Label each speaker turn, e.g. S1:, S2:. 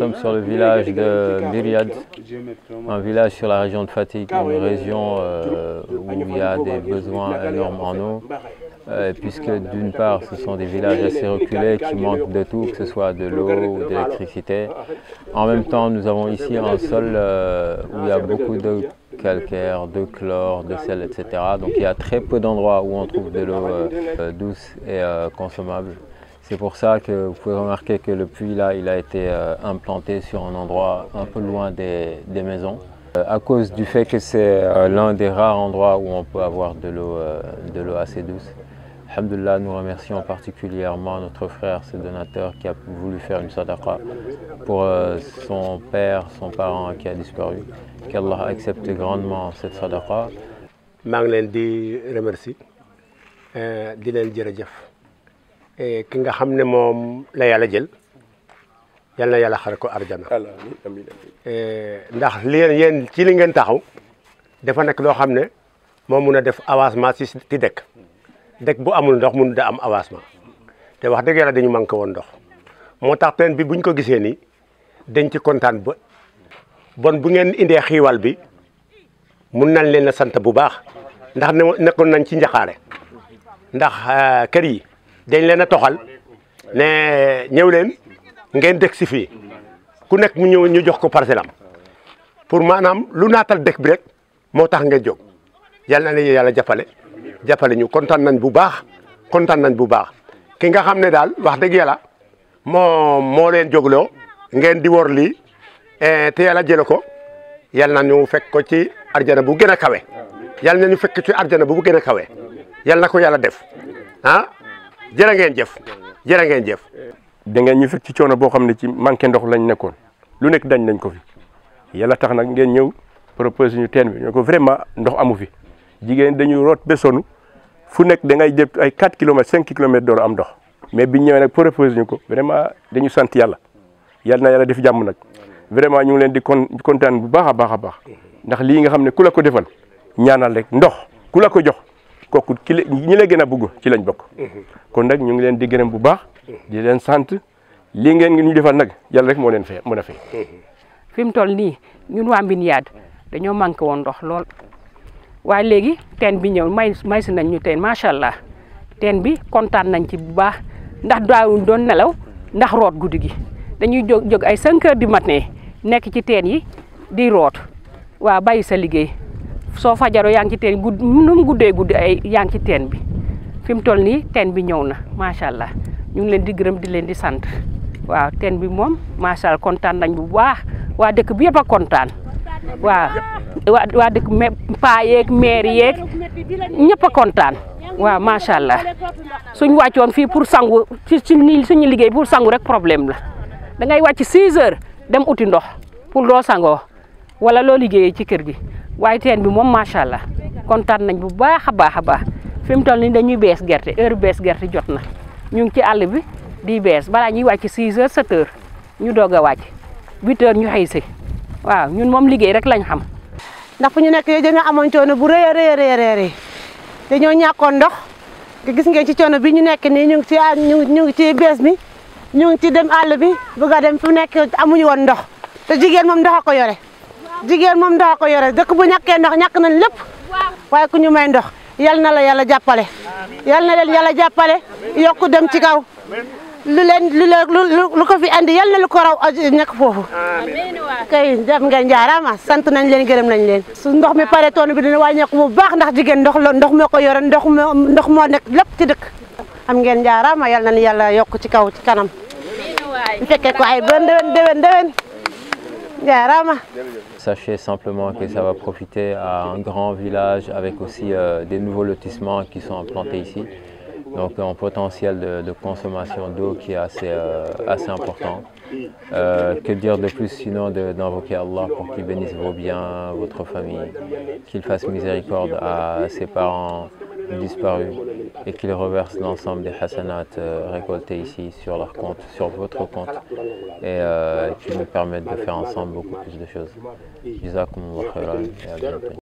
S1: Nous sommes sur le village de Biryad,
S2: un village sur la région de Fatik, une région euh, où il y a des besoins énormes en eau, euh, puisque d'une part ce sont des villages assez reculés qui manquent de tout, que ce soit de l'eau ou d'électricité. En même temps, nous avons ici un sol euh, où il y a beaucoup de calcaire, de chlore, de sel, etc. Donc il y a très peu d'endroits où on trouve de l'eau douce et consommable. C'est pour ça que vous pouvez remarquer que le puits là, il a été euh, implanté sur un endroit un peu loin des, maisons. Euh, à cause du fait que c'est euh, l'un des rares endroits où on peut avoir de l'eau assez douce. Alhamdulillah, nous remercions particulièrement notre frère, ce donateur qui a voulu faire une sadaqa pour son père, son parent qui a disparu. Qu'Allah accepte grandement cette sadaqa. Je remercie.
S1: Eh, ki nga xam ne moom la yàlla jël yal na yàlla ko arjana eh, ndax li yéen ci li ngeen taxaw dafa nekk loo xam ne moo mun a def avancement si ti dekk dekk bu amul ndox mun da am avancement te wax dëgg yàlla dañu manqué woon ndox moo tax teen bi buñ ko gisee nii dañ ci kontaan ba bon bu ngeen indee xiiwal bi mun nañ leen a sant bu baax ndax nekkoon nañ ci njaxaare ndax eh, kër yi dañ leen a toxal ne ñëw leen ngeen dëkk si fii ku nekk mu ñëw ñu jox ko parcelle am pour maanaam lu naatal dëkk bi rek moo tax nga jóg yàlla na yàlla jàppale jàppale ñu kontaan nañ bu baax kontaan nañ bu baax ki nga xam ne daal wax dëgg yàlla moo moo leen jógloo ngeen di wor lii eh, te yàlla jële ko yàlla na ñu fekk ko ci arjana bu gën a kawe yàlla na ñu fekk ci arjana bu gën a kawe na ko yàlla def ah jërë ngeen jëf jërë ngeen da ngeen ñu fekk ci coono boo xam ne ci manqué ndox lañ nekkoon lu nekk dañ nañ ko fi yàlla tax nag ngeen ñëw proposé ñu teen bi ñu ko vraiment ndox amu fi jigéen dañuy root ba sonn fu nekk da ngay jëpp ay 4 kilomètres cinq kilomètres door am ndox mais bi ñëwee nag proposé ñu ko vraiment dañu sant yàlla yàlla na yàlla def jàmm nag vraiment ñu ngi leen di kon kontaan bu baax a baax a baax ndax lii nga xam ne ku la ko defal ñaanal rek ndox ku la ko jox. kooku ki ñi la gëna bëgg ci lañ bokk kon nak ñu ngi leen di gërëm bu baax di leen sante li ngeen ñu defal nak yalla rek mo leen fe mën na fay fim toll ni
S3: ñun mbin yaad dañoo manké won dox lool way légui ten bi ñew may may si nañ ñu ma sha allah ten bi contane nañ ci bu baax ndax daawu doon nelaw ndax root guddigi dañuy jog jog ay 5 h du matin nek ci ten yi di root wa bayyi sa liggéey so fajaro yaa ngi ci teen gudd nu mu gudd ay yaa ngi bi fim tol ni ten bi na sha allah ñu ngi leen di gërëm di leen di sant waaw ten bi ma sha allah kontan nañ bu baax wa dekk bi yëpp a kontaan waaw wa dekk dëkk paa yeeg maire yek ñëpp a kontaan waaw sha allah suñ waccion fi pour sangu ci suñu liggey pour sangu rek problème la da ngay wacc 6 heures dem outi ndox pour do sango wala lo liggey ci kër gi waaye teen bi moom macha allah kontaan nañ bu baax a baax a baax fi mu toll nii dañuy bees gerte heure bees gerte jot na ñu ngi ci àll bi di bees balaa ñuy wàcc 6 heures 7 heures ñu doog a wàcc 8 ñu xëy si waaw ñun moom liggéey rek lañ xam. ndax fu ñu nekk yooyu amoon coono bu rëy a rëy a rëy dañoo ñàkkoon ndox gis ngeen ci coono bi ñu nekk nii ñu ngi ci ñu ngi ci bees bi ñu ngi ci dem àll bi bëgg dem fu nekk amuñu woon ndox te jigéen moom ndox a ko yore. jigéen moom ndox ko yore dëkk bu ñàkkee ndox ñàkk nañ lépp waaye ku ñu may ndox yal na la yàlla jàppale yal na leen yàlla jàppale yokku dem ci kaw lu leen lu leen lu ko fi andi yal na lu ko raw nekk foofu kay def ngeen jaaraama sant nañ leen gërëm nañ leen su ndox mi pare toon bi dina wàññeeku bu baax ndax jigéen ndox la ndox moo ko yore ndox moo ndox moo nekk lépp ci dëkk am ngeen jaaraama yal na yàlla yokk ci kaw ci kanam ko ay bën déwén déwén déwén
S2: Sachez simplement que ça va profiter à un grand village avec aussi euh, des nouveaux lotissements qui sont implantés ici. Donc un potentiel de, consommation d'eau qui est assez, euh, assez important. Euh, que dire de plus sinon d'invoquer Allah pour qu'il bénisse vos biens, votre famille, qu'il fasse miséricorde à ses parents, disparu et qu'ils reversent l'ensemble des hasanats euh, récoltés ici sur leur compte, sur votre compte, et euh, qui me permettent de faire ensemble beaucoup plus de choses. khairan et